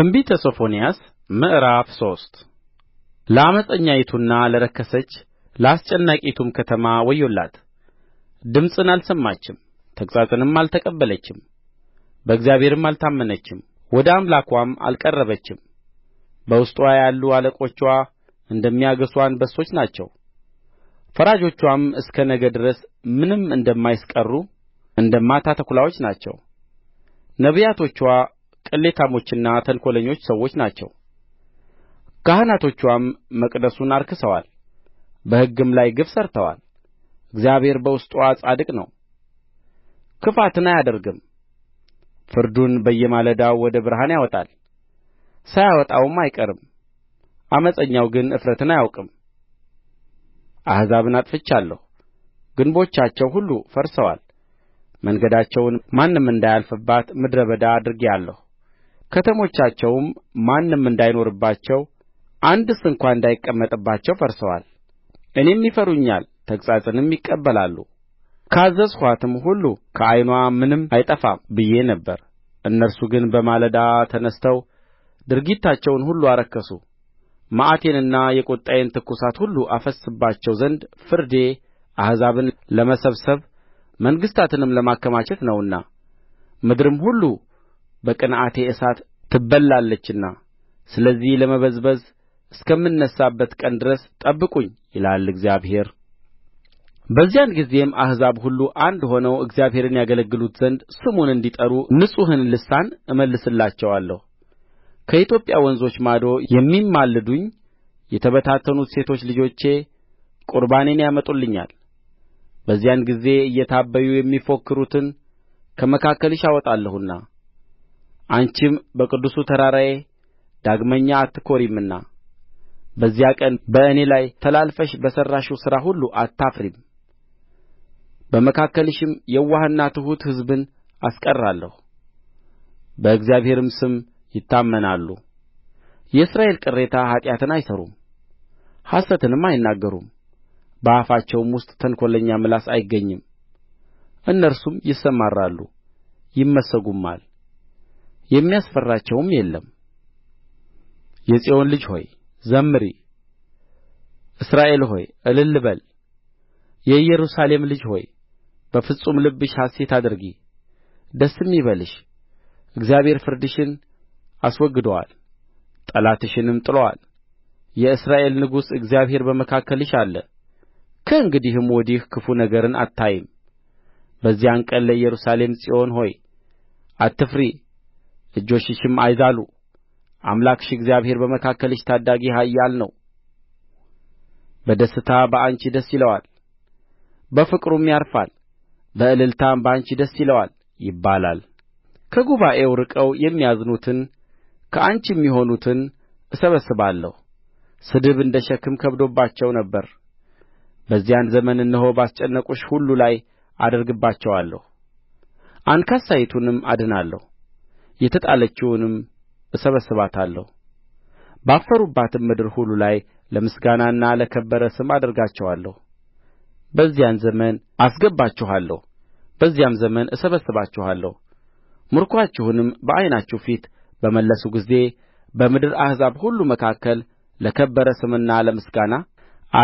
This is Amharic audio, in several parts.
ትንቢተ ሶፎንያስ ምዕራፍ ሶስት ለዓመፀኛይቱና ለረከሰች ለአስጨናቂይቱም ከተማ ወዮላት ድምፅን አልሰማችም ተግሣጽንም አልተቀበለችም በእግዚአብሔርም አልታመነችም ወደ አምላክዋም አልቀረበችም በውስጥዋ ያሉ አለቆችዋ እንደሚያገሡ አንበሶች ናቸው ፈራጆችዋም እስከ ነገ ድረስ ምንም እንደማይስቀሩ እንደ ማታ ተኵላዎች ናቸው ነቢያቶችዋ ቅሌታሞችና ተንኰለኞች ሰዎች ናቸው ካህናቶችዋም መቅደሱን አርክሰዋል በሕግም ላይ ግፍ ሠርተዋል እግዚአብሔር በውስጥዋ ጻድቅ ነው ክፋትን አያደርግም ፍርዱን በየማለዳው ወደ ብርሃን ያወጣል ሳያወጣውም አይቀርም ዓመፀኛው ግን እፍረትን አያውቅም አሕዛብን አጥፍቻለሁ ግንቦቻቸው ሁሉ ፈርሰዋል መንገዳቸውን ማንም እንዳያልፍባት ምድረ በዳ አድርጌአለሁ ከተሞቻቸውም ማንም እንዳይኖርባቸው አንድስ እንኳ እንዳይቀመጥባቸው ፈርሰዋል እኔም ይፈሩኛል ተግሣጽንም ይቀበላሉ ካዘዝኋትም ሁሉ ከዓይንዋ ምንም አይጠፋም ብዬ ነበር እነርሱ ግን በማለዳ ተነሥተው ድርጊታቸውን ሁሉ አረከሱ መዓቴንና የቍጣዬን ትኵሳት ሁሉ አፈስስባቸው ዘንድ ፍርዴ አሕዛብን ለመሰብሰብ መንግሥታትንም ለማከማቸት ነውና ምድርም ሁሉ በቅንዓቴ እሳት ትበላለችና ስለዚህ ለመበዝበዝ እስከምነሣበት ቀን ድረስ ጠብቁኝ ይላል እግዚአብሔር በዚያን ጊዜም አሕዛብ ሁሉ አንድ ሆነው እግዚአብሔርን ያገለግሉት ዘንድ ስሙን እንዲጠሩ ንጹሕን ልሳን እመልስላቸዋለሁ ከኢትዮጵያ ወንዞች ማዶ የሚማልዱኝ የተበታተኑት ሴቶች ልጆቼ ቍርባኔን ያመጡልኛል በዚያን ጊዜ እየታበዩ የሚፎክሩትን ከመካከልሽ አወጣለሁና አንቺም በቅዱሱ ተራራዬ ዳግመኛ አትኰሪምና በዚያ ቀን በእኔ ላይ ተላልፈሽ በሠራሽው ሥራ ሁሉ አታፍሪም በመካከልሽም የዋህና ትሑት ሕዝብን አስቀራለሁ በእግዚአብሔርም ስም ይታመናሉ የእስራኤል ቅሬታ ኃጢአትን አይሠሩም ሐሰትንም አይናገሩም በአፋቸውም ውስጥ ተንኰለኛ ምላስ አይገኝም እነርሱም ይሰማራሉ ይመሰጉማል የሚያስፈራቸውም የለም የጽዮን ልጅ ሆይ ዘምሪ እስራኤል ሆይ እልል በል የኢየሩሳሌም ልጅ ሆይ በፍጹም ልብሽ ሐሤት አድርጊ ደስም ይበልሽ እግዚአብሔር ፍርድሽን አስወግዶአል ጠላትሽንም ጥሎአል የእስራኤል ንጉሥ እግዚአብሔር በመካከልሽ አለ ከእንግዲህም ወዲህ ክፉ ነገርን አታይም በዚያን ቀን ለኢየሩሳሌም ጽዮን ሆይ አትፍሪ እጆችሽም አይዛሉ አምላክሽ እግዚአብሔር በመካከልሽ ታዳጊ ኃያል ነው በደስታ በአንቺ ደስ ይለዋል በፍቅሩም ያርፋል በእልልታም በአንቺ ደስ ይለዋል ይባላል ከጉባኤው ርቀው የሚያዝኑትን ከአንቺም የሚሆኑትን እሰበስባለሁ ስድብ እንደ ሸክም ከብዶባቸው ነበር በዚያን ዘመን እነሆ ባስጨነቁሽ ሁሉ ላይ አደርግባቸዋለሁ አንካሳይቱንም አድናለሁ የተጣለችውንም እሰበስባታለሁ ባፈሩባትም ምድር ሁሉ ላይ ለምስጋናና ለከበረ ስም አደርጋቸዋለሁ በዚያን ዘመን አስገባችኋለሁ በዚያም ዘመን እሰበስባችኋለሁ ምርኮአችሁንም በዓይናችሁ ፊት በመለስሁ ጊዜ በምድር አሕዛብ ሁሉ መካከል ለከበረ ስምና ለምስጋና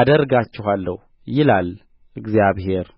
አደርጋችኋለሁ ይላል እግዚአብሔር